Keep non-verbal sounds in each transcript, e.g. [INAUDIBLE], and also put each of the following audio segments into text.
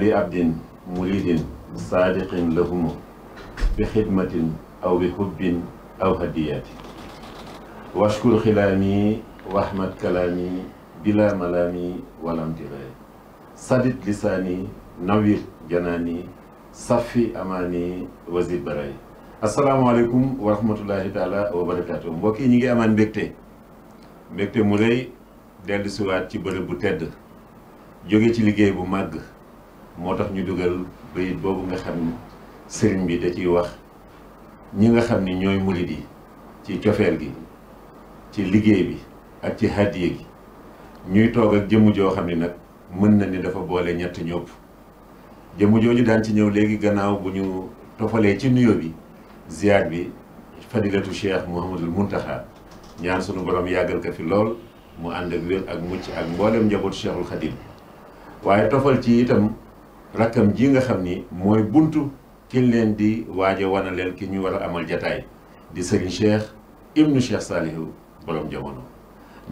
li abdin muridin saadiqin lahumu bi xidmatin aw bi hubbin aw hadiyati washkur xilaami wahmat kalaami bila malaami walamtiray sadit lisaani nawir janaani safi amaani wazir baray asalaamaaleykum wa rahmatullahi taala wa barakaatu mbokk yi ñu ngi amaan mbégte mbégte mu rëy dellusiwaat ci bërëb bu tedd jóge ci liggéey bu màgg moo tax ñu dugal bayit boobu nga xam ni sëriñ bi da ciy wax ñi nga xam ni ñooy murid yi ci cofeel gi ci liggéey bi ak ci hadiye gi ñuy toog ak jëmm joo xam ni nag mën na ni dafa boole ñett ñëpp jëmm jooju daan ci ñëw léegi gannaaw bu ñu tofalee ci nuyo bi ziar bi fadilatu cheikh Mouhamadul Muntaxa ñaan sunu borom yàggal ko fi lool mu ànd ak wér ak mucc ak mboolem njabootu cheikhul Xadim waaye tofal ci itam. rakkam ji nga xam ni mooy bunt ki leen di waaja a wana leen ki ñu war a amal jataay di sëriñ Cheikh ibnu Cheikh Salihu borom jamono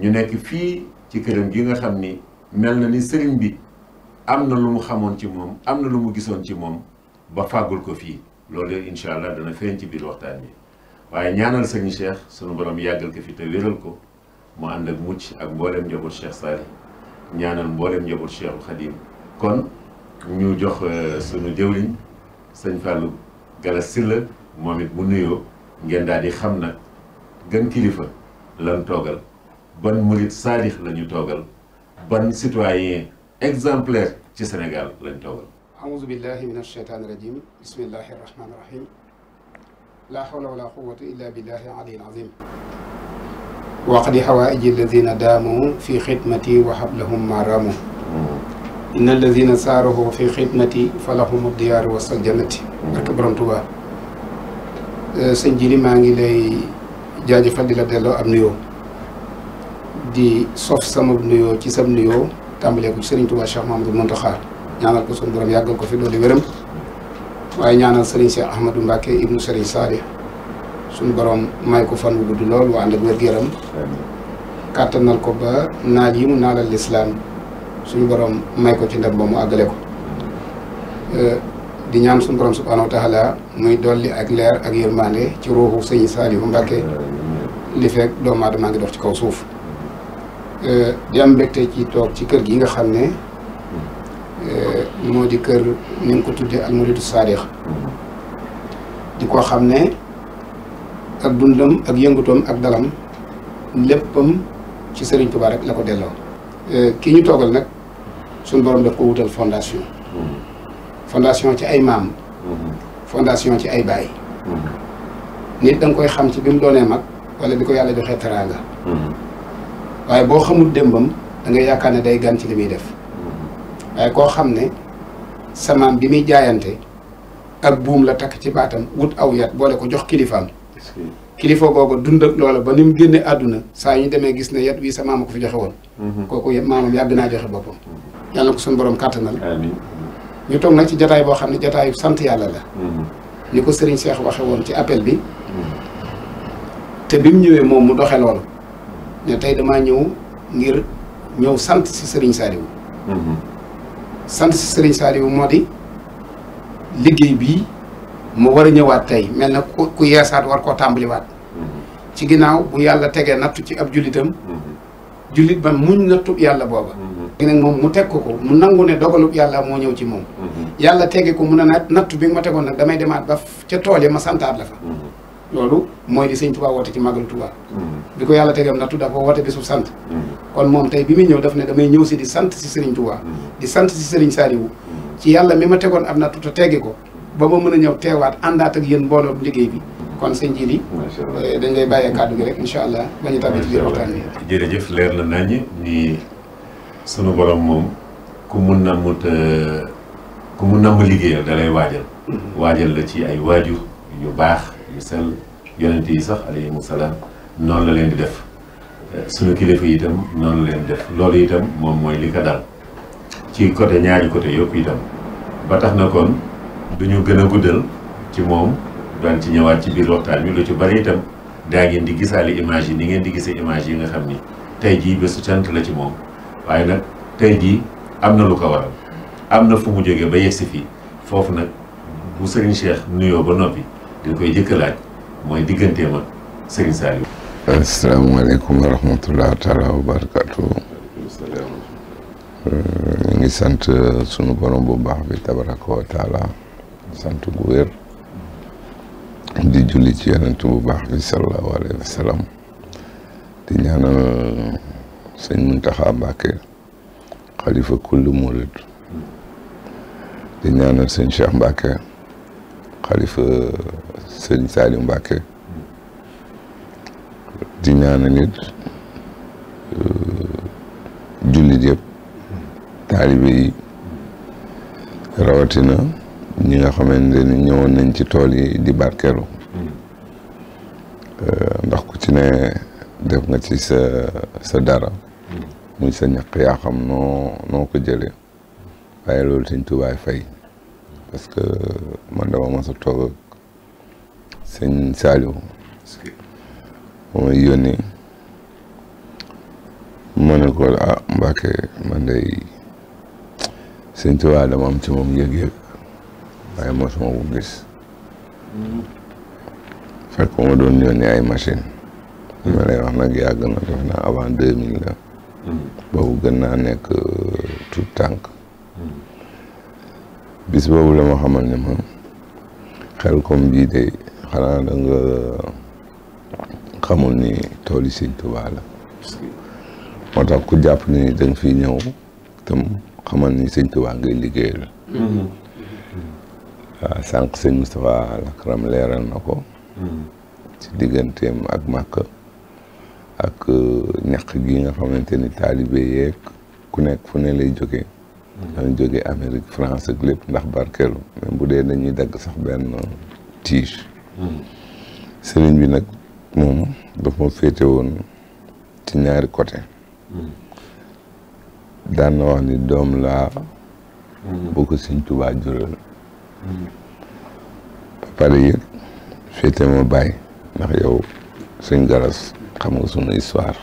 ñu nekk fii ci këram gi nga xam ni mel na ni sëriñ bi am na lu mu xamoon ci moom am na lu mu gisoon ci moom ba fàggul ko fii loolu yëpp incha allah dana feeñ ci biir waxtaan bi waaye ñaanal sëriñ Cheikh sunu borom yàggal ko fi te wéral ko mu ànd ak mucc ak mboolem njaboot Cheikh Salih ñaanal mboolem njaboot Cheikhul Khadim kon. ñu jox euh, suñu jëwriñ sëñ Fallou Galass Sylla moom it mu nuyoo ngeen daal xam na gën kilifa lan toogal ban murit saadix la ñu toogal ban citoyen exemplaire ci senegal lañ toogal aouzu billahi min alcheytaan irajim bismillahi irrahmani irrahim laa hawla wala quwata illa billahi aliyil azim waqdi hawaaiji alladina daamu fi xidmati wa hablahum maaraamu inna alladina saarahu fi xidmati falahum diyaaru wasal jannati barke borom Tuubaa sëñ ji maa ngi lay jaajëfal di la delloo am nuyoo di sof sama nuyoo ci sam nuyoo tàmbalee ko ci sëriñ Tuubaa Cheikh Mahamadou Muntaxa ñaanal ko suñu borom yàggal ko fi doole wéram waaye ñaanal sëriñ Cheikh Ahmadou Mbacke ibnu sëriñ Saali suñu borom may ko fan wu gudd lool waa ànd wér-gu-yaram kàttanal ko ba naaj yi mu naalal lislaam suñu borom may ko ci ndam ba mu àggale ko euh, di ñaan suñu borom subhaanahu wa taala muy dolli ak leer ak yërmande ci ruuxu sëñ Saliou Mbacke li fekk doomu aadama ngi dox ci kaw suuf euh, di am mbégte ci toog ci kër gi nga xam ne euh, moo di kër ni nga ko tuddee al muridu saadiq di ko xam ne ak dundam ak yëngutoom ak dalam léppam ci Serigne Touba rek la ko delloo. ki ñu toogal nag suñu borom daf ko wutal fondation. Mm-hmm. fondation ci ay maam. Mm-hmm. fondation ci ay baay. Mm-hmm. nit da koy xam ci bi mu doonee mag wala bi ko yàlla joxee teraanga. waaye boo xamul démbam da ngay yaakaar ne day gan ci li muy def. waaye koo xam ne sa maam bi muy jaayante ak buum la takk ci baatam wut aw yat boole ko jox kilifaam. kilifa googu dund ak loola ba ni mu génne àdduna saa ñu demee gis ne yat wi sa maam ko fi joxe woon. kooku maamam yàgg naa joxe boppam. yàlla ko suñu borom kàttanal ñu toog nag ci jataay boo xam ne jataayu sant yàlla la mm-hmm. ni ko sëriñ Cheikh waxe woon ci appel bi mm-hmm. te bi mu ñëwee moom mu doxe loolu ne tey damaa ñëw ngir ñëw sant si sëriñ Saliou mm-hmm. sant si sëriñ Saliou moo di liggéey bii mu war a ñëwaat tey mel na ku yeesaat war koo tàmbaliwaat ci ginnaaw bu yàlla tegee nattu ci ab jullitam jullit ba muñ nattu yàlla booba di nag moom mu teg ko ko mu nangu ne dogalub yàlla moo ñëw ci moom mm-hmm. yàlla tege ko mun a naat nattu bi ma tegoon nag damay demaat ba ca tool ya ma santaat la fa mm-hmm. loolu mooy li sëñ Tuubaa woote ci màggalu Tuubaa mm-hmm. bi ko yàlla tegam nattu dafa woote bisu sant kon moom tey bi muy ñëw daf ne damay ñëw si di sant si sëriñ Tuubaa di sant si sëriñ Saaliwu ci yàlla mi ma tegoon ab nattu te teggi ko ba ma mën a ñëw teewaat àndaat ak yéen mbooloo liggéey bi kon sëñ ji li eh, dañ lay bàyyee kàddu gi rek incha allah ba ñu tàbbi ci biir waxtaan sunu borom moom ku mun na mut euh, ku mun na mu liggéeyal da waajal. Mm-hmm. waajal la ci ay waajur yu baax yu sell yonent yi sax alayhimu salaam noonu la leen di def euh, sunu kilifa yi itam noonu la leen di def loolu itam moom mooy li ka dal ci côté ñaari côté yi itam ba tax na kon du ñu gën a guddal ci moom daan ci ñëwaat ci biir waxtaan bi lu ci bari itam daa ngeen di gisaale image yi ni ngeen di gisee image yi nga xam ni tey jii bésu cant la ci moom. waaye nag tey jii am na lu ko waral am na fu mu jógee ba yegsi fii foofu nag bu Serigne Cheikh nuyoo ba noppi dañ koy jëkk laaj mooy digganteem ak Serigne Saliou. asalaamaaleykum wa rahmatulah taala wa barakaatu. ngi sant uh, sunu borom bu baax bi tabaraka wa taala sant gu wér. di julli ci yonent bu baax bi sallallahu alayhi wa sallam di ñaanal. sëñ Muntaxa Mbàkke xalifa kullu murid di ñaanal sëñ Cheikh Mbàkke xalifa sëñ Saaliu Mbàkke di ñaanal it uh, jullit yëpp taalibe yi rawatina ñi nga xamante ni ñëwoon nañ ci tool yi di barkeelu uh, ndax ku ci ne def nga ci sa sa dara mm. muy sa ñaq yaa xam noo noo ko jëlee waaye loolu sëñ tubaay fay parce que man dama mos toog ak sëñ Saliou ba may yónnee ko ah Mbàkke man day sëñ tubaay dama am ci moom yëg-yëg waaye mosuma ko gis mm. fekk ma doon yónnee ay machine ma lay wax nag yàgg na def naa avant deux mille la boobu gën naa nekk euh, tout tànk bis boobu la ma xamal ne ma xel kom bii de xanaa da nga xamul ni tool yi sëñ Tuubaa la ku jàpp ni da nga ñëw tam xamal ni sëñ Tuubaa ngay liggéeyal waaw sànq sëñ Moustapha Lakram leeral na ko ci digganteem ak Màkka ak euh, ñaq gi nga xamante ni taalibe yeeg ku nekk fu ne lay jógee dañ jóge Amérique France ak lépp ndax barkeelu même bu dee dañuy dagg sax benn tige sëriñ bi nag moom daf ma féete woon ci ñaari côté daan wax ni doom laa bu ko Sëriñ Tuubaa jural ba pare yëg ma bàyyi ndax yow sëñ garas xam nga sunu histoire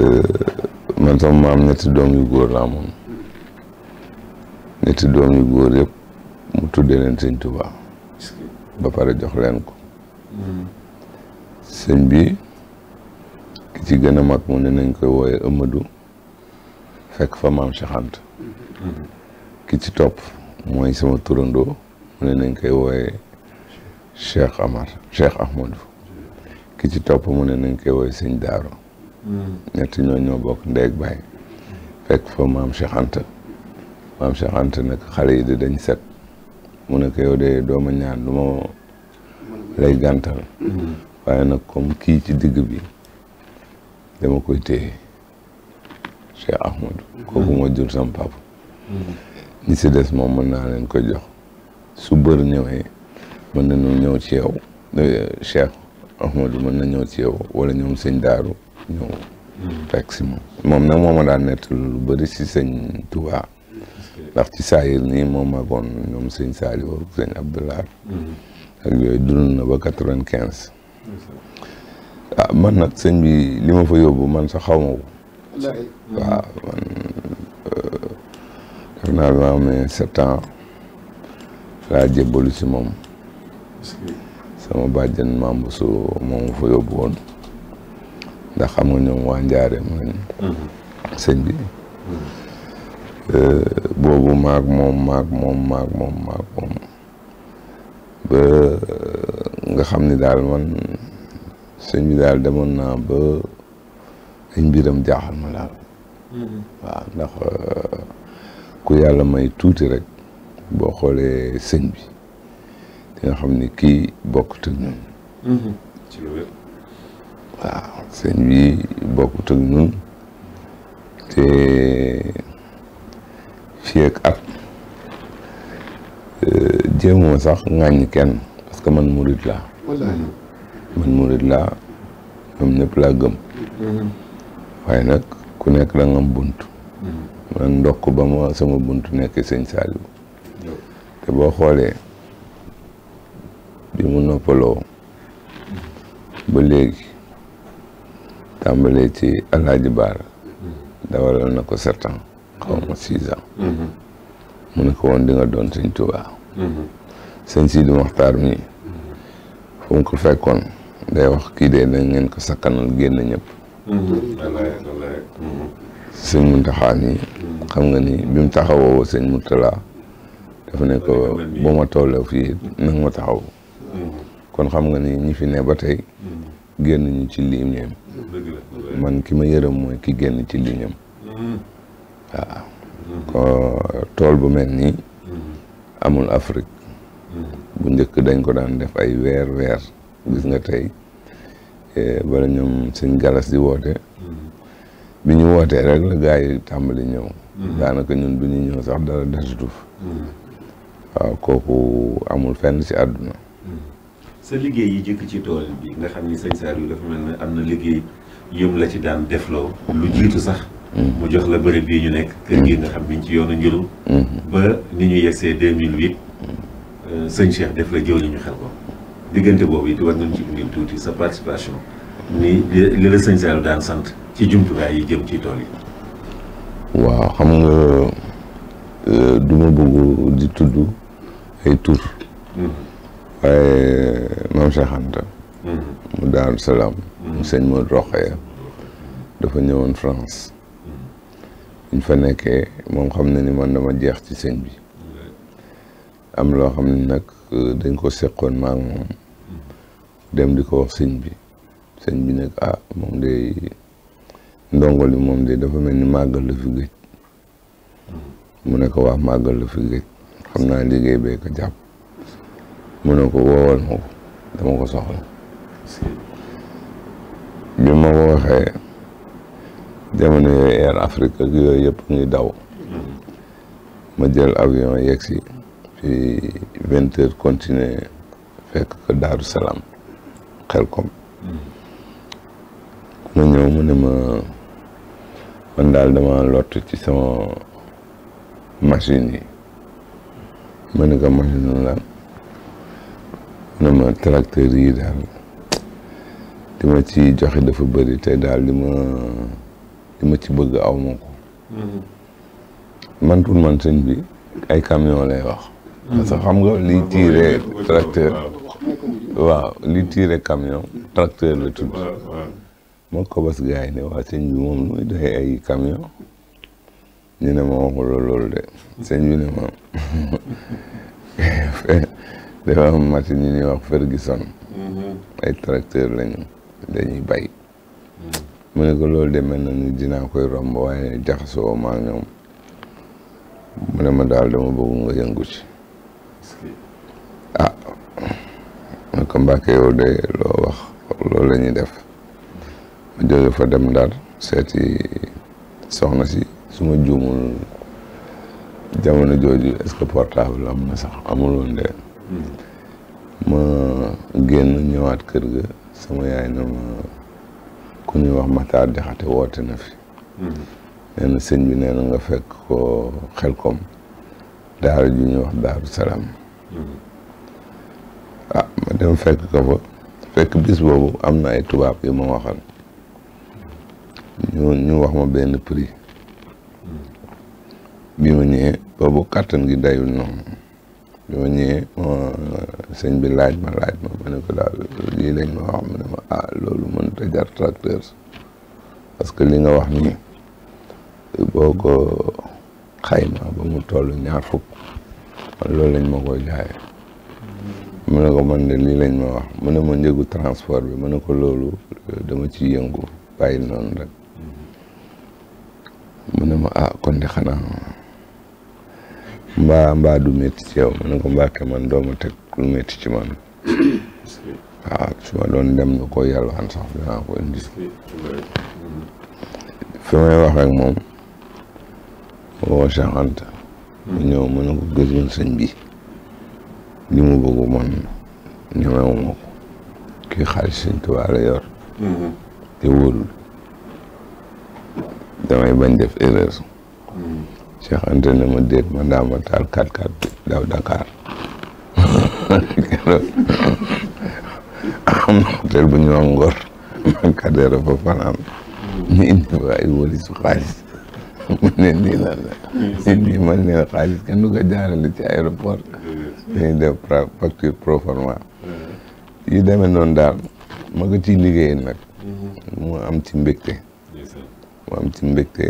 euh, man sama maam ñetti doom yu góor laa moom ñetti doom yu góor yëpp mu tuddee leen sëñ ba pare jox leen ko sëñ bi ki ci gën mag mu ne nañ koy wooye Amadou fekk fa maam Cheikh Anta ki ci topp mooy sama turandoo mu ne nañ koy wooye Cheikh Amar Cheikh ki ci topp mu ne nañ koy woy sëñ Daaro hmm. ñett ñoo ñoo bokk ndeeg baay fekk fa maam Cheikh Anta maam Cheikh Anta nag xale yi di dañ set mu ne ko yow de dooma ñaar du ma lay gàntal hmm. waaye nag comme kii ci digg bi dama koy téye Cheikh Ahmadou jur sama papa hmm. ñi si des moom mën naa leen ko jox su bër ñëwee mën nañu ñëw ci yow Cheikh Ahmadou mën na ñëw ci yow wala ñoom sëñ daaru ñëw hmm. fekk si moom moom nag moo ma daan nett lu bëri ci saayir nii moom magoon ñoom sëñ sali ak sëñ Abdoulaye hmm. ak yooyu dund na ba quatre vingt quinze ah man nag sëñ bi li ma fa yóbbu man sax xaw ma ko man euh, def naa bi ma amee sept ans laa jébbalu moom sama bàjjen membre su moom fa yóbbu woon ndax xam nga ñoom waa njaareem mm-hmm. lañ sëñ bi mm-hmm. boobu maag moom moom maag moom maag moom ba nga xam ni daal man sëñ bi daal demoon na ba ay mbiram jaaxal ma daal mm-hmm. ku yàlla may tuuti rek boo xoolee sëñ bi di nga xam ni kii bokkut ak ñun. Mm-hmm. ci lu wér. waaw sëñ bi bokkut ak ñun te fii ak at euh, jéemoo sax ŋàññi kenn parce que man murid la man murid laa ñoom ñëpp laa gëm. Mm-hmm. waaye nag ku nekk da nga am bunt. Mm-hmm. man ndokk ba ma sama bunt nekk sëñ Saliou. te boo xoolee. mu noppaloo ba léegi tàmbalee ci alaaji baara dawalal na ko sept ans ma six ans mu ne ko woon di doon sëñ Tuubaa sëñ Sidi Moxtaar mi fu mu ko fekkoon day wax kii dee da ngeen ko sakkanal génn ñëpp sëñ Muntaxaa nii xam nga ni bi mu taxawoo sëñ Murtala dafa ne ko ba ma tolloo fii nag ma taxaw kon xam nga ni ñi fi ne ba tey génn ñu ci liim man ki ma yërëm mooy ki génn ci liim ñoom ko tool bu mel nii amul Afrique bu njëkk dañ ko daan def ay weer weer gis nga tey eh, bala ñoom sëñ galas di woote bi ñu wootee rek la gaa yi tàmbali ñëw daanaka ñun bi ñu ñëw sax dara desutuf waaw kooku amul fenn ci àdduna sa liggéey yi jëkk ci tool bi nga xam ni sëñ Saliou dafa mel ne am na liggéey yëm la ci daan defloo lu jiitu sax mm. mu jox la bari bii ñu nekk kër gi mm. nga xam ni ci yoonu njëru mm-hmm. ba ni ñu yegsee 2008 euh, sëñ Cheikh def la jëw ñu xel ko diggante boobu it war nañ ci indil tuuti sa participation ni li la sëñ Saliou daan sant ci jumtukaay yi jëm ci tool yi waaw xam nga euh, du ma di tudd ay tur mm-hmm. waaye maam Cheikh Anta hmm. mu daaru salaam hmm. mu sëñ moo roqee dafa ñëwoon France hmm. ñu fa nekkee moom xam na ni man dama jeex ci sëñ bi am loo xam ne nag euh, dañ ko seqoon maa dem di ko wax sëñ bi sëñ bi nag ah moom day ndongo li moom day dafa mel ni màggal la fi géej mu ne ko wax màggal la fi géej xam naa liggéey be ko jàpp mu ne ko woowal ma ko dama ko soxla bi ma ko waxee jamono yooyu Air Afrique ak yooyu daw ma jël avion yegg si fi vingt heures continuer fekk ko Daaru Salaam xel ñëw mu ne ma daal dama lott ci sama machine yi ma ne ko machine lan na ma tracteur yi daal li ma ci joxe dafa bari te daal di ma ma ci bëgg aw ma ko mm-hmm. man pour man sëñ bi ay camion lay wax mm-hmm. parce que xam nga liy tiire ah, tracteur waaw liy tiire camion tracteur la tudd moo ko bas gars yi ne moom lu muy ay camion ñu ne ma waxuloo loolu de mm-hmm. sëñ bi ma [LAUGHS] [LAUGHS] dafa am machine yu ñuy wax Ferguson. Mm-hmm. ay tracteur lañu dañuy bay. Mm-hmm. mu ne ko loolu de mel na ni dinaa koy romb waaye jaxasoo ma ak ñoom ne ma daal dama bëgg nga yëngu ci. ah ma ko Mbàkke yow de loo wax loolu la ñuy def ma jóge fa dem Ndar seeti soxna si suma ma juumul jamono jooju est-ce que portable am na sax amul woon ma génn ñëwaat kër ga sama yaay na ma ku ñuy wax Matar Jaxate woote na fi mm-hmm. nee na sëñ bi nee na nga fekk ko xelkom daaru ji ñuy wax daaru saram mm-hmm. a ah, ma dem fekk ko fa fekk bis boobu am na ay tubaab yu ma waxal ñu ñu wax ma benn prix mm-hmm. bi ma ñëwee boobu kàttan gi dayul noonu bi ma ñëwee sëñ bi laaj ma laaj ma ma ne ko daal lii lañ ma wax mu ne ma ah loolu mënut a jar tracteur parce que li nga wax ni boo ko xayma ba mu toll ñaar fukk man loolu lañ ma koy jaayee mu ne ko man de lii lañ ma ne ma njëgu transport bi mu ne ko loolu euh, dama ci yëngu bàyyi noonu rek mu ne ma ah kon de xanaa mbaa mbaa du métti ci yow ma ne ko man dooma teg lu métti ci man waaw ah, su ma doon dem ñu ko yàlwaan sax dinaa ko indi fi may wax ak moom woo Cheikh Anta mu ñëw gis man sëñ bi li mu bëgg man ñemewuma ko kii xaalis sëñ Tuubaa la yor mm-hmm. te wóorul damay bañ def erreur mm-hmm. Cheikh Anta ne ma déet man daa ma taal 4-4 daw Dakar [LAUGHS] am na hôtel bu am ngor man kadeera fa fanaan ñu indi fa ay walisu la la nit ñi man ne xaalis kenn du ko jaarale ci aéroport dañuy def facture daal ma ko ciy liggéey nag mu am ci mbégte mu am ci mbégte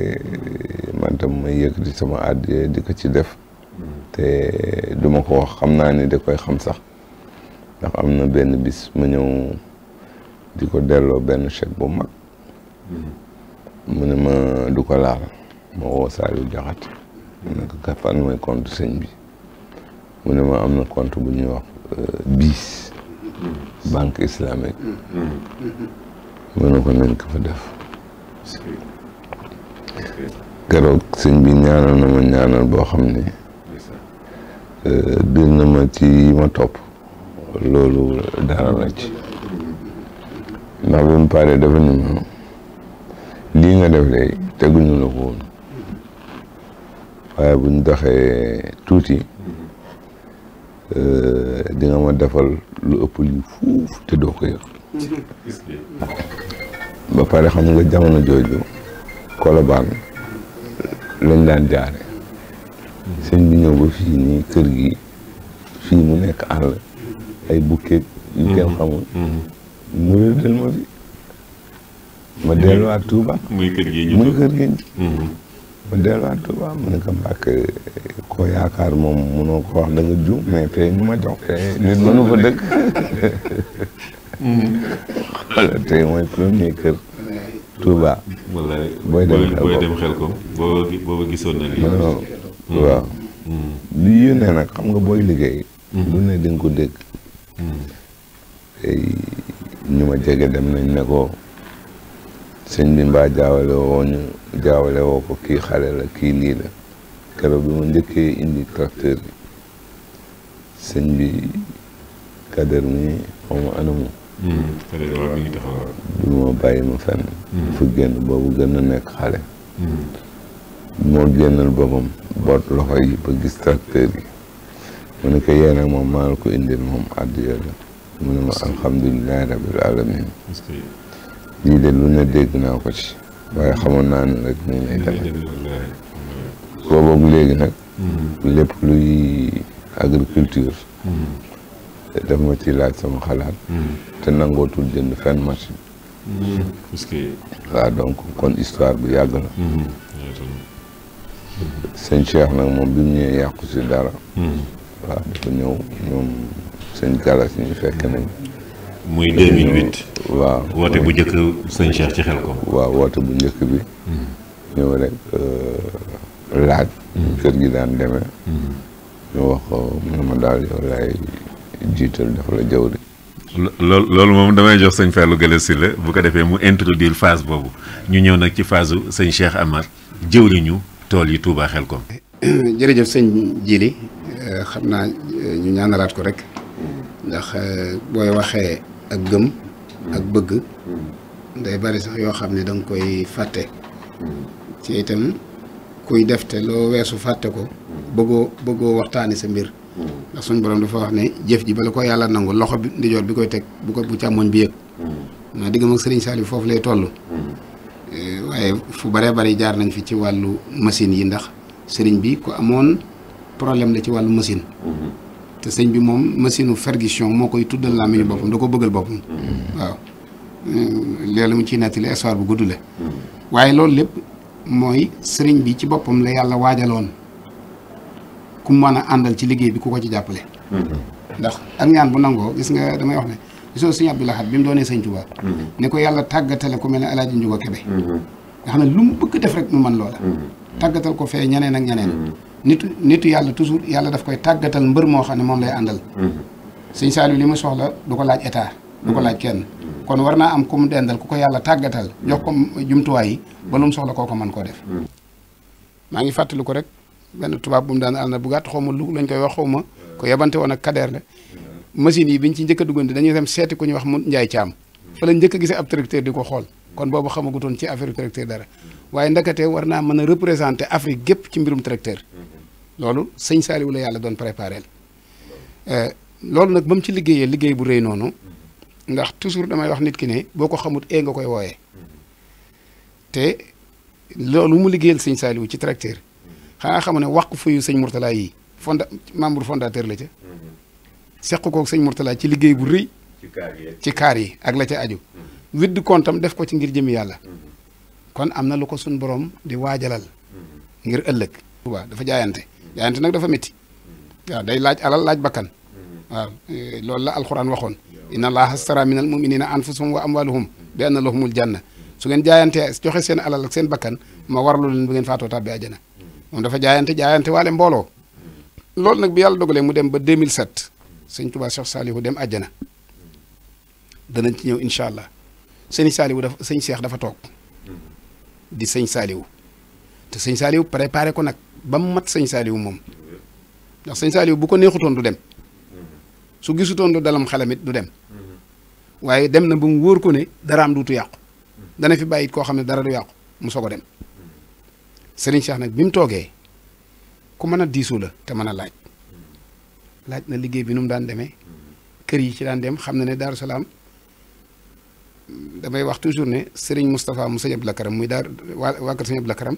man tam may yëkkati sama àddiya di ko ci def te duma ko wax xam naa ni da koy xam sax ndax am na benn bis ma ñëw di ko delloo benn chèque bu mag mu ne ma du ko laal ma woo Saliou Diakhaté mu ne ko fan mooy compte sëñ bi mu ne ma am na compte bu ñuy wax euh, BIS banque islamique mm-hmm. mu ko nañ ko def mm-hmm. keroog sinbi bi ñaanal na ma ñaanal boo xam ne euh, biir na ma ci ma topp loolu dara na ci na bu mu paree dafa ni ma lii nga def lay teguñu la ko woon waaye buñ doxee tuuti euh, di nga ma defal lu ëpp lii fuuf te ba pare xam nga jamono jooju Colobane lañ daan jaare sëñ bi ba fii nii kër gi fii mu nekk àll ay bouquet yu kenn mm-hmm. xamul mm-hmm. mu rëddal ma fi ma mm-hmm. delluwaat Touba muy kër gi kër gi ma delluwaat Touba mu ne ko mbàkk koo yaakaar moom munoo ko wax da nga juum mais tey ñu ma jox nit mënu fa dëkk xoolal [LAUGHS] tey mooy kër Touba. wallaay booy dem xel ko booba booba gisoon na lii. waaw. Hmm. Hmm. lu nag xam nga booy liggéey. Hmm. lu ne di ko dégg. tey ñu ma jege dem nañ ne ko sëñ bi mbaa jaawale woo ñu jaawale woo ko kii xale la kii lii la keroog bi ma njëkkee indi tracteur bi bi kader mi anamu xale waaw mi ngi taxawal. moo bàyyi ma fenn. dafa génn boobu gën a nekk xale. moo génnal boppam loxo yi ba gis tracteur yi mu ne ko yéen nag moom maa la ko indil moom addiya la mu ne ma alhamdulilahi rabil alamin lii de lu ne dégg ko ci waaye xamoon naa ne rek nii lay demee boobu léegi nag mm-hmm. lépp luy agriculture daf ma ci laaj sama xalaat. Hmm. te nangootul jënd fenn machine. Hmm. parce que. waaw donc kon histoire bu yàgg la. Hmm. sëñ Cheikh nag moom bi mu ñëwee yàqu si dara. waaw dafa ñëw ñoom sëñ Galas ñu fekk nañ. muy 2008. waaw woote bu njëkk sëñ ci xel ko. waaw woote bu njëkk bi. ñëw rek euh, laaj. kër gi daan demee. ñu wax ko man ma daal yow laay. jiital def la jaww ji. loolu loolu moom damay jox sëñ Fallou Galass Sylla bu ko defee mu introduire phase boobu ñu ñëw nag ci phase su sëñ Cheikh li jëwriñu tool yi Touba Xelkom. jërëjëf sëñ Jili euh, xam naa euh, ñu ñaanalaat ko rek ndax euh, booy waxee ak gëm ak bëgg day bari sax yoo xam ne danga koy fàtte ci itam kuy defte loo weesu fàtte ko bëggoo bëggoo waxtaani sa mbir. ndax suñ borom dafa wax ne jëf ji ba bala ko yàlla nangu loxo bi ndijoor bi koy teg bu ko bu càmmoñ bi yëg mm. naa diggam ak sëriñ Saliou foofu lay toll mm. eh, waaye fu bare bari jaar nañ fi ci wàllu machine yi ndax sëriñ bi ko amoon problème la ci wàllu machine mm-hmm. te sëñ bi moom machine u Ferguson moo koy tuddal laa meñu mm-hmm. boppam da ko bëggal boppam mm-hmm. waaw eh, loolu mu ciy nettali histoire bu gudd la waaye loolu lépp mooy sëriñ bi ci boppam la yàlla waajaloon ku mën a àndal ci liggéey bi ku ko ci jàppale mm-hmm. ndax ak ñaan bu nangoo gis nga damay wax ne gisoo suñu Abdou Lahad bi mu doonee sëñ Tuubaa mm-hmm. ni ko yàlla tàggatale ku mel ne Alaaji Njuga Kebe nga xam ne lu mu bëgg rek mu mën loola mm-hmm. tàggatal ko fee ñeneen ak ñeneen nitu nitu yàlla toujours yàlla daf koy tàggatal mbër moo xam ne moom lay àndal sëñ Saliou li mu soxla du ko laaj état du ko laaj kenn kon war naa am ku mu dendal ku ko yàlla tàggatal jox ko jumtuwaay yi ba lu mu soxla koo ko mën koo def maa ngi fàttali ko rek benn tubaab bu mu daan àll na bu gàtt ma lu lañ koy wax xaw ma ko yabante woon ak kadeer la machine yi biñ ci njëkka a duggante dañuy dem seeti ku ñuy wax mu njaay caam fa la njëkk a gisee ab tracteur di ko xool kon boobu toon ci affaire tracteur dara waaye ndakate war naa mën a représenter Afrique gépp ci mbirum tracteur loolu sëñ Saaliwu la yàlla doon préparé euh, loolu nag ba ci liggéeyee liggéey bu rëy noonu ndax toujours damay wax nit ki ne boo ko xamut ee nga koy wooyee loolu mu liggéeyal sëñ Saaliwu ci tracteur xanaa xam ne waqf yu sëñ Mourtala yi fonda membre fondateur la ca. Mhm. seq koog sëñ Mourtala ci liggéey bu rëy. ci kaar yi ak la ca aju. Mhm. widd kontam def ko ci ngir jëmi yàlla. Mhm. kon am na lu ko suñ borom di waajalal. ngir ëllëg. waaw dafa jaayante. jaayante nag dafa metti waaw day laaj alal laaj bakkan. waaw eh, loolu la alxuraan waxoon. laa inna allaha astara minal muminina anfusahum wa amwaluhum bi anna lahumul janna su ngeen jaayante joxe seen alal ak seen bakkan ma warlu leen bu ngeen faatoo tàbbi àjjana moom dafa jaayante jaayante waale mbooloo loolu nag bi yàlla dogalee mu dem ba 2007 sëñ Tuubaa Cheikh Saalihu dem àjjana danañ ci ñëw incha allah sëñ Saalihu dafa sëñ Cheikh dafa toog di sëñ Saalihu te sëñ Saalihu préparé ko nag ba mu mat sëñ Saalihu moom ndax sëñ Saalihu bu ko neexutoon du dem su gisutoon du dalam xelamit du dem waaye dem na ba mu wóor ko ne daraam duutu yàqu dana fi bàyyi koo xam ne dara du yàqu mu soog a dem. Serigne Cheikh nag bi mu toogee ku mën a diisu la te mën a laaj laaj na liggéey bi nu mu daan demee kër yi ci daan dem xam na ne Daaru Salaam damay wax toujours ne Serigne Moustapha mu sëñ Abdou Karam muy daar waa waa kër sëñ Abdou Karam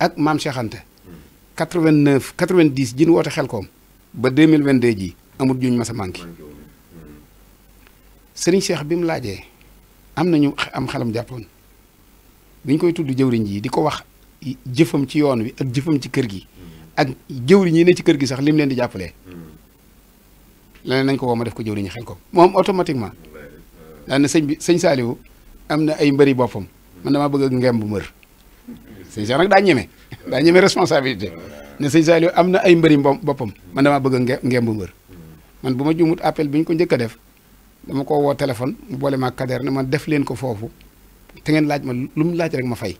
ak maam Cheikh Anta 89 90 jin woote Xelkom ba 2022 ji amul juñ masa manqué Serigne Cheikh bi mu laajee am nañu am xelam jàppoon bi ñu koy tudd jëwriñ ji di ko wax jëfam ci yoon wi ak jëfam ci kër gi ak jëwri ñi ne ci kër gi sax lim leen di jàppalee leneen nañ ko woo ma def ko jëwri ñi xañ ko moom automatiquement daan na sëñ bi sëñ am na ay mbëri boppam man damaa bëgg ak ngem bu mër sëñ Saliou nag daa ñeme daa ñeme sëñ Saliou am na ay mbëri boppam man damaa bëgg ak ngem bu man bu ma juumut appel bi ñu ko njëkk a def dama ko woo téléphone mu boole ma kader ne man def leen ko foofu te ngeen laaj ma lu mu laaj rek ma fay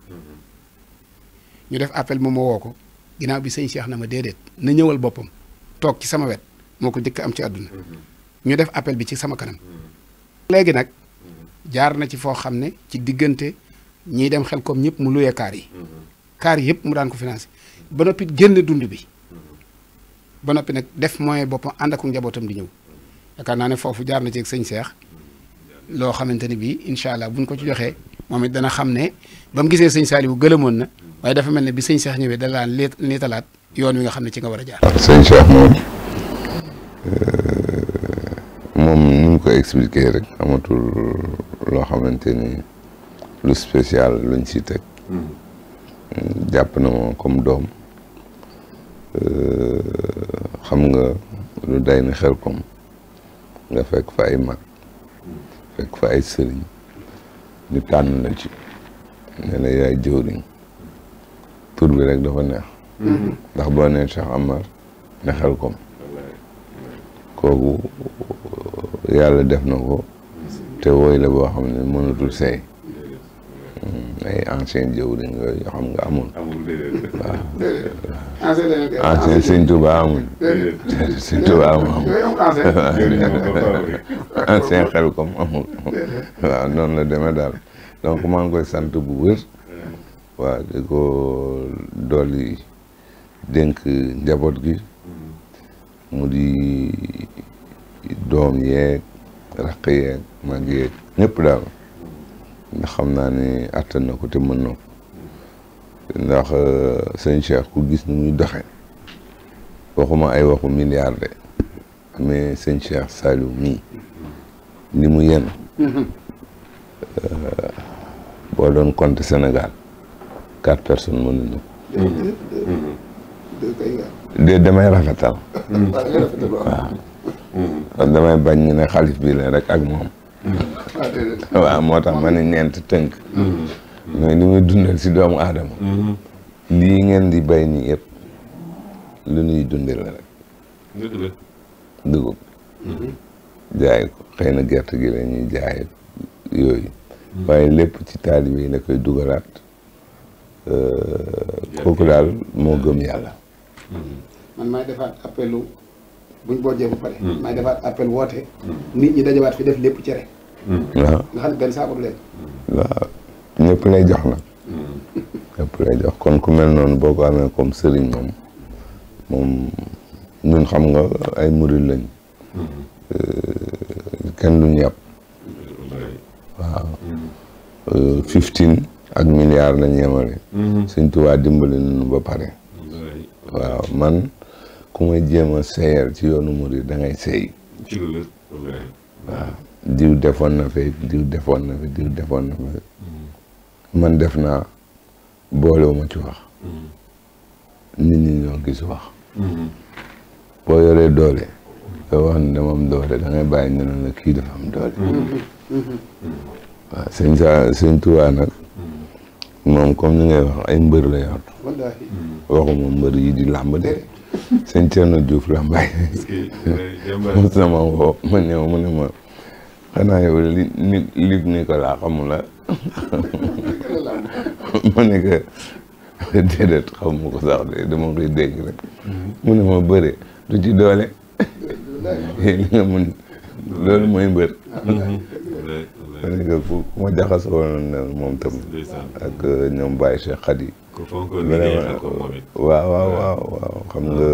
ñu def appel moom ma woo ko ginnaaw bi sëñ Cheikh na ma déedéet na ñëwal boppam toog ci sama wet moo ko njëkk am ci àdduna mm-hmm. ñu def appel bi ci sama kanam léegi nag jaar na ci foo xam ne ci diggante ñiy dem xel koom ñëpp mu luyee kaar yi mm-hmm. kaar yëpp mu daan ko financé ba noppi génn dund bi mm-hmm. ba noppi nag def moyen boppam ànd ak njabootam di ñëw yaakaar naa ne foofu jaar na ci ak sëñ Cheikh loo xamante ni bii incha allah buñ ko ci joxee moom it dana xam ne bam gisee sëñ Saliou gëlëmoon na waaye dafa mel ne bi sëñ Cheikh ñëwee da laa niitalaat yoon wi nga xam ne ci nga war a jaar. sëñ Cheikh moom euh, moom ni mu ko expliqué rek amatul loo xamante ni lu spécial luñ si teg. Mm-hmm. jàpp na ma comme doom euh, xam nga lu day ni xel kom nga fekk fa ay mag mm-hmm. fekk fa ay sëriñ ñu tànn la ci ne la yaay jëwriñ tur bi rek dafa neex mhm. ndax boo nee Cheikh Amar ne xel kom kooku yàlla def na ko te wooy la boo xam ne mënatul seey mhm. ay ancien jëwriñ yooyu yoo xam nga amul waaw ancien sëñ Tuba amul [LAUGHS] sëñ Tuba amul [LAUGHS] xel kom amul waaw noonu la demee daal donc maa ngi koy sant waaw di ko dolli dénk njaboot gi mu di doom yeeg raq yeeg mag yeeg ñëpp daal nga xam naa ne attan na ko te mën na ko ndax euh, sëñ Cheikh ku gis ni muy doxe waxuma ay waxu milliard de mais sëñ Cheikh Saliou mii li mu yenn mm-hmm. euh, boo doon compte quatre person mënuñu ko. déedéet damay rafetal. waaw. damay bañ ñu ne xalif bi la rek ak moom. [LAUGHS] moo tax ma ne ñeent tënk. mais li muy dundal si doomu aadama. lii ngeen di bay ni yëpp lu ñuy dundal rek. dugub. jaay ko na gerte gi la ñuy jaay yooyu. Mm-hmm. waaye lépp ci taalibe yi la koy dugalaat. Euh, kooku daal moo gëm yàlla. Mm-hmm. man maay defaat appelu buñ boojee bu pare. Mm-hmm. maay defaat appel woote. nit ñi dajawaat fi def lépp cere. Mm-hmm. waaw nga ne benn saako leen. waaw lay jox nag. ñëpp lay jox kon ku mel noonu boo ko amee comme sëriñ moom moom xam nga ay murid lañ. Euh, kenn duñ yàpp. waaw. Euh, ak milliard lañ yemale. Mhm. Sëñ Tuubaa dimbali nañu ba pare. man ku may jéem a seeyal ci yoonu murid da ngay seey. diw defoon na fi diw defoon na fi diw defoon na fi. Mhm. man def naa boolewuma ci wax. Mhm. nit ñi ñoo gis wax. boo doole. ne dama doole da ngay bàyyi ñu ne la kii dafa doole. waaw sëñ moom comme ni ngay wax ay mbër la yor. waxuma mbër yi di làmb de. sëñ Thierno Diouf làmbaay. mos na ma woo ma ñëw mu ma xanaa yow li li ni ko laa la ma ne que déedéet xamu ko sax de dama koy dégg rek. mu ne ma bëre du doole. li nga mën loolu mooy mbër. nga ku ma jaxasoo moom tam ak euh, ñoom Baye Cheikh Khady vraiment waaw waaw waaw waaw xam nga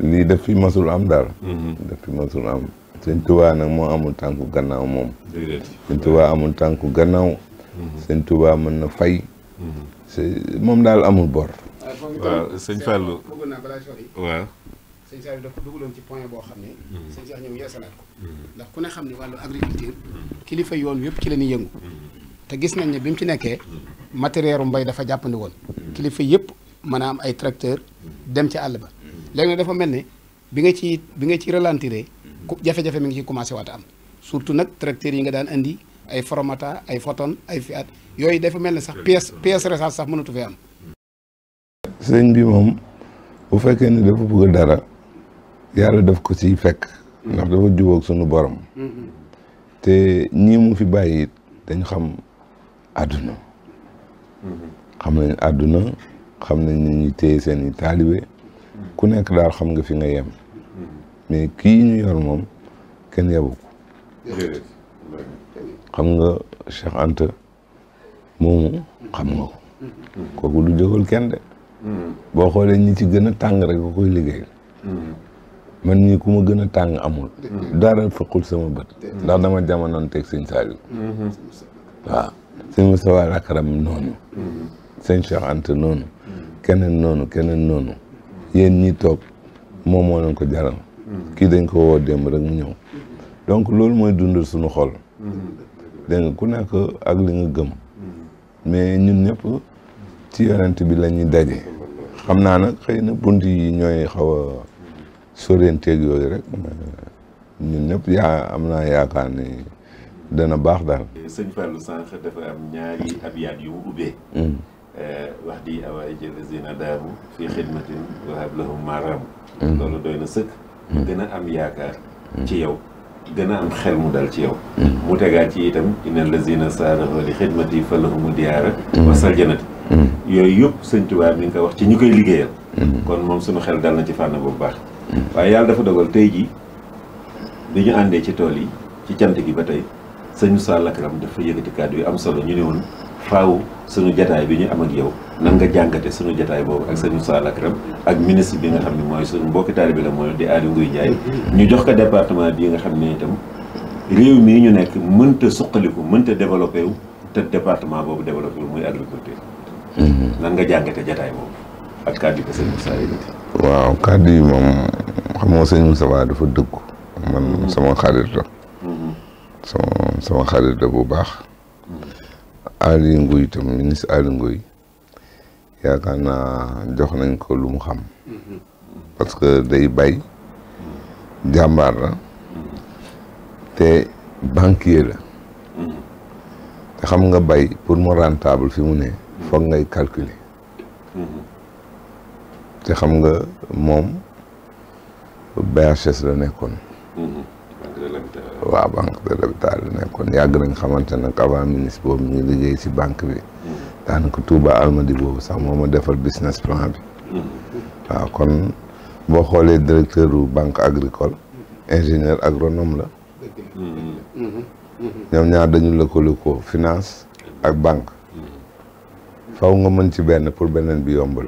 lii daf fi masul am daal mm-hmm. daf fi masul am sëñ Tuubaa nag moo amul tànku gannaaw moom sëñ Tuubaa amul tànku gannaaw mm-hmm. sëñ Tuubaa mën na fay mm-hmm. moom daal amul bor ah, sëñ Saliou dafa dugaloon ci point boo xam ne. Mm-hmm. sëñ Cheikh ñëw yeesalaat ko. Mm-hmm. ndax ku xam ne wàllu agriculture. Mm-hmm. kilifa yoon yëpp ci la ñuy te gis nañ ne bi mu ci nekkee matériel mbay dafa jàppandi woon. kilifa yëpp mën ay tracteur dem ci àll ba. léegi dafa mel ne bi nga ci bi nga ci ralentiré. ku jafe-jafe ngi ci commencé waat am surtout nag tracteurs yi nga daan indi ay Foromata ay Foton ay Fiat yooyu dafa mel ne sax pièce pièce rechange sax mënatu fee am. sëñ bi moom bu fekkee ne dafa bëgg dara. yàlla def ko siy fekk. ndax dafa jubóog sunu borom. te ñii mu fi bàyyi it dañ xam àdduna. xam nañ àdduna xam nañ ni ñuy téye seen i taalibe ku nekk daal xam nga fi nga yem. mais kii ñu yor moom kenn yabu ko. xam nga Cheikh Anta moomu xam nga ko. kooku du jógal kenn de. boo xoolee ni ci gën a tàng rek nga koy liggéey. man ni ku ma gën a tàng amul. Mm-hmm. dara fëqul sama bët. Mm-hmm. ndax dama jamonoon teg sëñ Saliou. Mm-hmm. waaw sëñ Moustapha Lakaram noonu. sëñ Cheikh Anta noonu. keneen noonu keneen noonu. yéen ñi toog moom moo leen ko jaral. kii dañ ko woo démb rek mu ñëw. donc loolu mooy dundal suñu xol. den nga ku nekk ak li nga gëm. mais ñun ñëpp ci yonent bi la ñuy daje. xam naa nag xëy na bunt yi ñooy xaw a. sóoreenteeg yooyu rek ñun ñëpp yaa am naa yaakaar ni dana baax daal. sëñ Fallou sànq dafa am ñaari abyaat yu mu ubbee. Mm. Eh, wax di awaay jëlazina daamu fi xidmatin wahab lahum maram mm. loolu doy na sëkk. Mm. gën a am yaakaar. ci yow gën a am xel mu dal ci yow. mu tegaat ci itam la inna lazina saaraxoo li xidmati fa lahumu diyaara wa saljanati yooyu yëpp sëñ Tuubaa mi ngi ko wax ci ñu koy liggéeyal. kon moom suñu xel dal na ci fànn bu baax. waaye yàlla dafa dogal tey jii bi ñu àndee ci tool yi ci cant gi ba tey sëñ Moussa Lakaram dafa yëkkati kàddu yi am solo ñu ne woon faaw suñu jataay bi ñu am ak yow nan nga jàngate sunu jataay boobu ak sëñ Moussa Lakaram ak ministre bi nga xam ne mooy sunu mbokki taalibe la mooy di Aly Ngouille jaay ñu jox ko département bii nga xam ne itam réew mii ñu nekk mënta suqaliku mënta développé wu te département boobu développé wu muy agriculture mm-hmm. nan nga jàngate jataay boobu ak kàddu ko waaw kàddu yi moom xam nga sëñ Moustapha dafa dëggu man sama xarit la mm-hmm. sama sama bu baax Aly Ngouille itam ministre Aly Ngouille yaakaar naa jox nañ ko lu mu xam mm-hmm. parce que day bay jàmbaar la mm-hmm. te banquier la te xam nga bay pour mu rentable fi mu ne foog ngay calculer te xam nga moom BHS la nekkoon. Mhm. waaw banque de l'habitat la nekkoon yàgg nañ xamante nag avant ministre boobu ñu liggéey si banque bi. Mhm. daanaka Touba Almadi boobu sax moo ma defal business plan bi. Mhm. kon boo xoolee directeur u banque agricole. ingénieur agronome la. ñoom ñaar dañu lëkkalikoo finance. ak banque. faw nga mën ci benn pour beneen bi yomb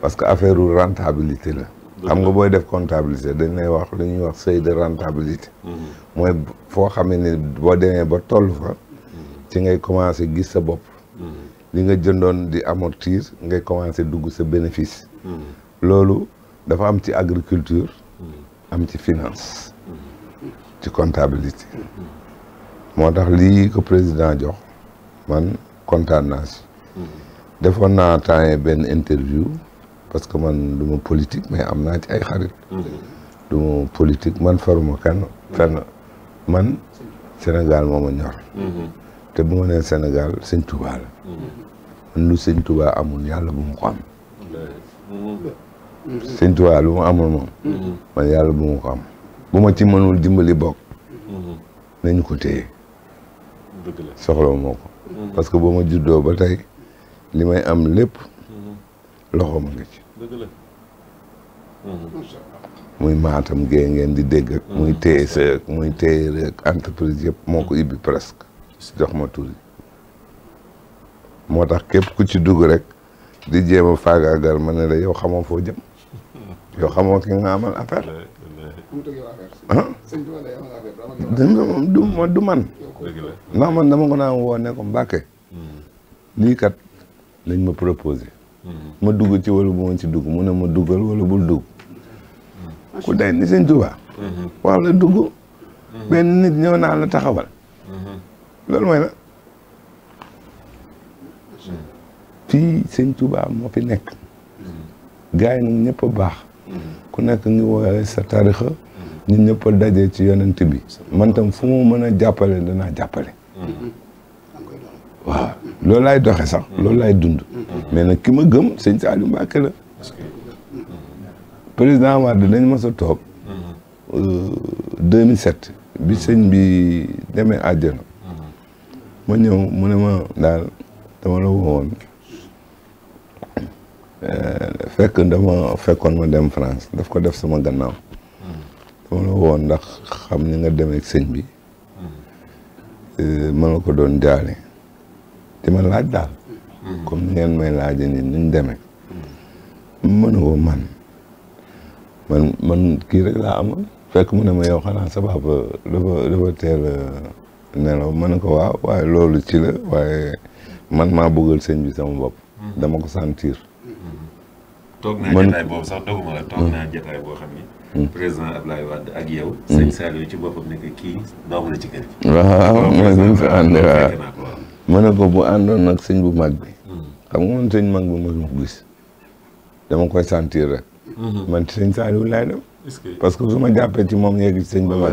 parce que affaire u rentabilité la xam nga booy def comptabilité dañ lay wax lu ñuy wax seuil de rentabilité mooy foo xamee ne boo demee ba toll fa ci ngay commencé gis sa bopp li nga jëndoon di amortir ngay commencé dugg sa bénéfice loolu dafa am ci agriculture am ci finance ci comptabilité moo tax lii ko président jox man kontaan naa defoon naa temps benn interview parce que man du ma politique mais am naa ci ay xarit. Mm-hmm. du ma politique man faruma kenn mm-hmm. man Sénégal moo ma ñor. Mm-hmm. te bu ma nee Sénégal sëñ man lu sëñ Touba amul yàlla bu mu ko am. sëñ Touba lu mu amul man yàlla bu mu ko am. bu ma ci mënul dimbali bokk. nañu ko téye. dëgg parce que boo ma juddoo ba tey. li may am lépp mhm. loxoom a ngi mhm. muy maatam gee ngeen di dégg ak muy mhm. TSE muy TR entreprise yëpp moo ko ibbi presque jox ma tur moo tax képp ku ci dugg rek di jéem a faagaagal ma ne la yow xamoo foo jëm yow ki nga amal affaire ah du ma du man ndax man dama ko naan woo ne ko lii kat lañ ma proposé. ma dugg ci wala bu ma ci dugg mu ma duggal wala bul dugg. ku day ni sëñ Tuubaa. wala dugg. benn nit ñëw naa la taxawal. loolu mooy la. fii sëñ Tuubaa moo fi nekk. gars yi nag ñëpp baax. ku nekk ngi woowee sa tarixa ñun ñëpp a daje ci yonent bi. man tam fu mu mën a jàppale danaa jàppale. loolu laay doxe sax loolu laay dund mais nag ki ma gëm sëñ Saliou Mbacké la président Wade dañ ma sa toog 2007 euh, bi sëñ bi demee àjjana ma ñëw mu ne ma daal dama la woon euh, fekk dama fekkoon ma dem France daf ko def sama gannaaw dama la woon ndax xam ni nga demee sëñ bi euh, ma la ko doon jaale di ma laaj daal. comme ni ngeen may laajee nii ni ñu man man man kii rek laa amoon fekk mu ne ma yow xanaa sa papa dafa nelaw ma ne ko waaw waaye loolu ci la waaye man maa bëggal sëñ bi sama bopp. dama ko sentir. toog naa jotaay boobu sax doguma la toog hmm. président Ablaye Wade yow. Hmm. sëñ Saliou ci boppam mën na ko bu àndoon nag sëñ bu mag bi. xam nga man sëñ mag bi mosuma ko gis. dama koy sentir rek. Mhm. man ci sëñ Saliou laay dem. parce que su ma jàppee ci moom yegg ci sëñ ba mag.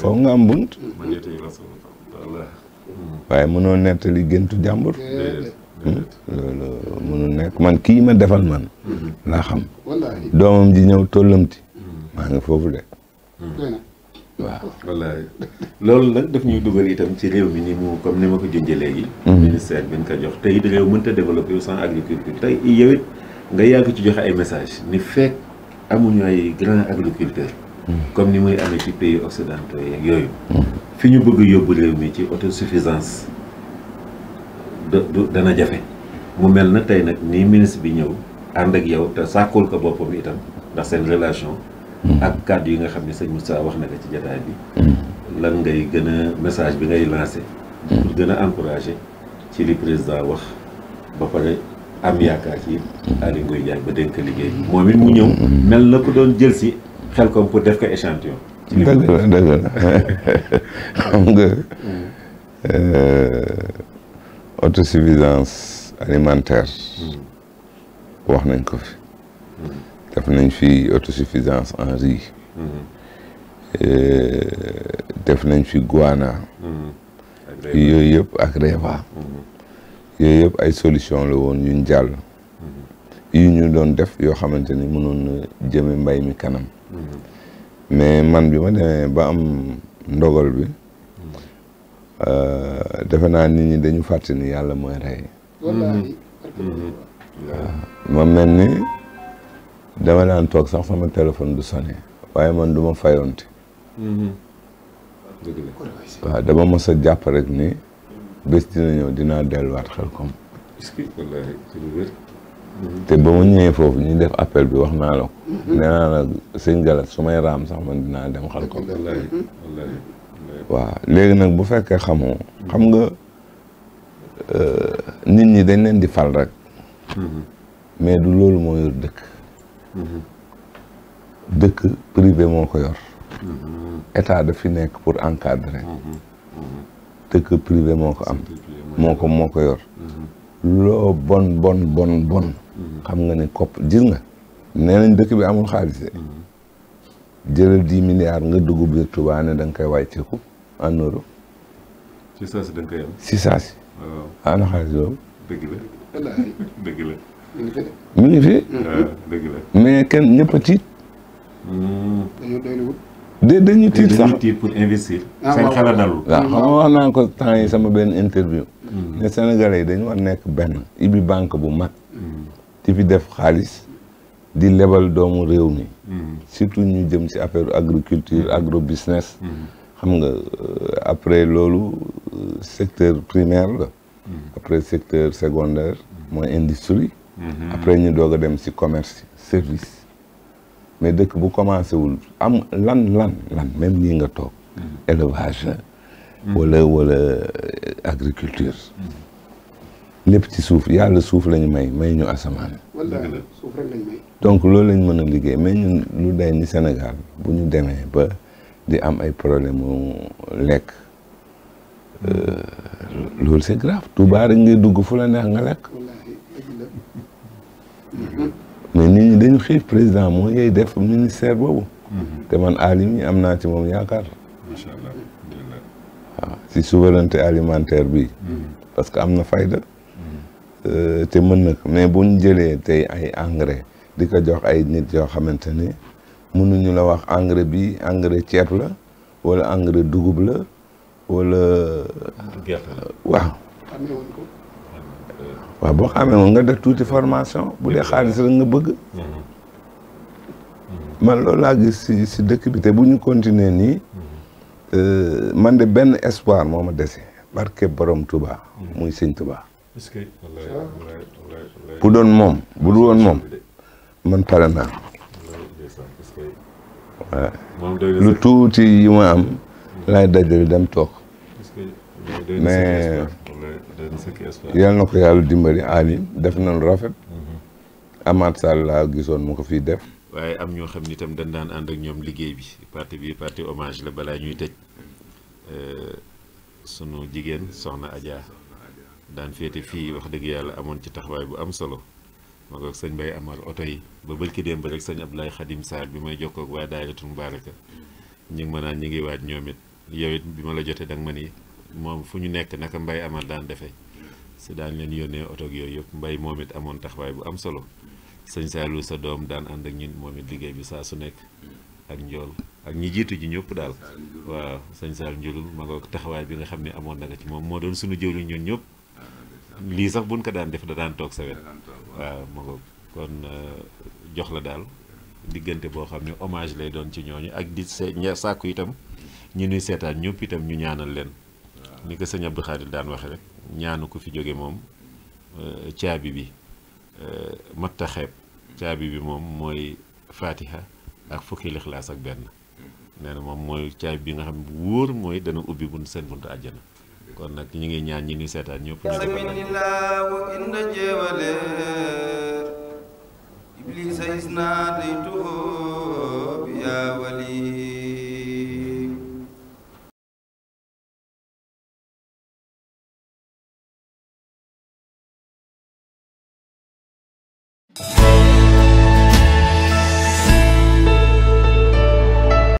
foog nga am bunt. Mhm. waaye mënoo nettali géntu jàmbur. Hmm? loolu mënul nekk man kii ma defal man. Mhm. laa xam. doomam ji ñëw tollam ci. maa ngi foofu de. waaw wallaay loolu nag daf ñuy dugal itam ci réew mi ni mu comme ni ma ko junjee léegi. Mm-hmm. ministère bi ñu ko jox tey it réew mënta développé sans agriculture te yow it nga yàgg ci joxe ay message ni fekk amuñu ay grand agriculteur mm-hmm. comme ni muy ame ci pays occidentaux yooyu. Mm-hmm. fi ñu bëgg yóbbu réew mi ci autosuffisance da dana jafe mu mel na tey nag ni ministre bi ñëw ànd ak yow te sàkkul ko boppam itam ndax seen relation. Mm. ak kàddu yi nga xam ne sëñ Moussa wax na ci jataay bi. Mm. lan ngay gën a message bi ngay lancé. Mm. pour gën a encouragé ci li président wax ba pare am yaakaar ci Aly Ngouille Ndiaye ba dénk liggéey bi moom it mu ñëw mel na ko doon jël si xel ko pour def ko échantillon. dëgg la dëgg la [LAUGHS] xam nga euh, autosuffisance alimentaire wax nañ ko fi. def nañ fi autosuffisance en riz. Euh, def nañ fi guana. Mm-hmm. yooyu yëpp ak Reva. Mm-hmm. yooyu yëpp ay solution la woon yuñ jàll. Mm-hmm. yu ñu doon def yoo xamante ni mënoon na jëme mbay mi kanam. mais man bi ma demee ba am ndogal bi. Euh, defe naa nit ñi dañu fàtte ni yàlla mooy rey. ma mel dama naan toog sax sama téléphone du sonné waaye man du ma fayonte. Mhm. waaw dama mos a jàpp rek ni bés dina ñëw dinaa delluwaat xel kom mhm. te ba mu ñëwee foofu ñu def appel bi wax naa la ko. Mhm. nee naa la sëñ Galas su may raam sax man dinaa dem xel kom. waaw léegi nag bu fekkee xamoo. xam nga euh, nit ñi dañ leen di fal rek. mais du loolu moo yor dëkk. dëkk privé moo ko yor. Mm-hmm. état daf fi nekk pour encadrer. Mm-hmm. dëkk privé moo ko am. moo ko moo ko yor. Mm-hmm. loo bon bon bon bon. nga ne kop gis nga. nee nañ dëkk bi amul xaalis de. jëlal dix milliards nga dugg biir Touba ne da nga koy wàcceeku en euro. ci saa si da nga koy am. si [LAUGHS] mi ngi fi. Mm. Ah, mais kenn ñëpp a tiit. Hmm. dañoo doyluwul. de dañuy tiit sax dañuy tiit pour investir. Ah, seen a naa ko temps yi sama benn interview. Hmm. ne Sénégalais yi dañu war nekk benn. ibi banque bu mag. ti hmm. fi def xaalis. di lebal doomu réew mi. surtout ñu jëm si affaire agriculture agro business. xam nga euh, après loolu euh, secteur primaire la. après secteur secondaire. mooy industrie. après ñu doog a dem si commerce service mais dëkk bu commencé wul am lan lan lan même nii nga toog élevage wala wala agriculture lépp ci suuf yàlla suuf lañu may may ñu asamaan suuf rek donc loolu lañ mën a liggéey mais ñu lu day ni Sénégal bu ñu demee ba di am ay problème mu lekk euh, loolu se grave Touba rek ngay dugg fu la neex nga lekk mais nit ñi dañu xiif président moo ngay def ministère boobu. Mhm. te man alim yi am naa ci moom yaakaar. si souveraineté alimentaire bi. Mhm. parce que am na fayda. Mhm. Euh, te mën na ko mais bu ñu jëlee tey ay engrais di ko jox ay nit yoo xamante ni mënuñu la wax engrais bi engrais ceeb la wala engrais dugub la wala. gerte waaw boo xamee moom nga def tuuti formation bu dee xaalis rek nga bëgg man loolu laa gis si si dëkk bi bu ñu continuer nii euh, man de benn espoir moo ma dese barke borom Touba muy sëñ Touba bu doon moom bu du woon moom man pare naa waaw lu tuuti yi ma am laay dajale dem toog mais yal na ko yàlla dimbali amin def nañu rafet. Mm-hmm. Amath Sall laa gisoon mu ko fii def. waaye am ñoo xam ni itam dañ daan ànd ak ñoom liggéey bi parti bii parti omage la balaa ñuy tëj euh, sunu jigéen soxna Adja daan féete fii wax dëgg yàlla amoon ci taxawaay bu am solo ma ko sëñ Bay Amar oto yi ba bërki ba rek sëñ lay Khadim Sall bi may jokkoo ak waa Daayiratul Mubaaraka ñu ngi ma naan ñu ngi waaj ñoom it bi ma la jotee danga ma ni moom fu ñu nekk naka mbay amal daan defee si daan leen yónnee otoog yooyu yëpp mbay moom it amoon taxawaay bu am solo sëñ Saliou sa doom daan ànd ak ñun moom it liggéey bi saa su nekk ak njool ak ñi jiitu ji ñëpp daal waaw sëñ Saliou njulul ma taxawaay bi nga xam ne amoon na ko ci moom moo doon suñu jëwlu ñun ñëpp lii sax buñ ko daan def da daan toog sa wet waaw ma nga kon euh, jox la daal diggante boo xam ne omage lay doon ci ñooñu ak di se sàkku itam ñu nuy seetaan ñëpp itam ñu ñaanal leen ni ko sëñ Abdou Khadir daan waxe rek ñaanu ko fi jóge moom euh, caabi bi euh, matta xeeb caabi bi moom mooy fatiha ak fukki lixlaas ak benn nee na moom mooy caabi bi nga xam ne wóor mooy dana ubbi bun seen buntu àjjana kon nag ñu ngi ñaan ñi ngi seetaan ñëpp ñu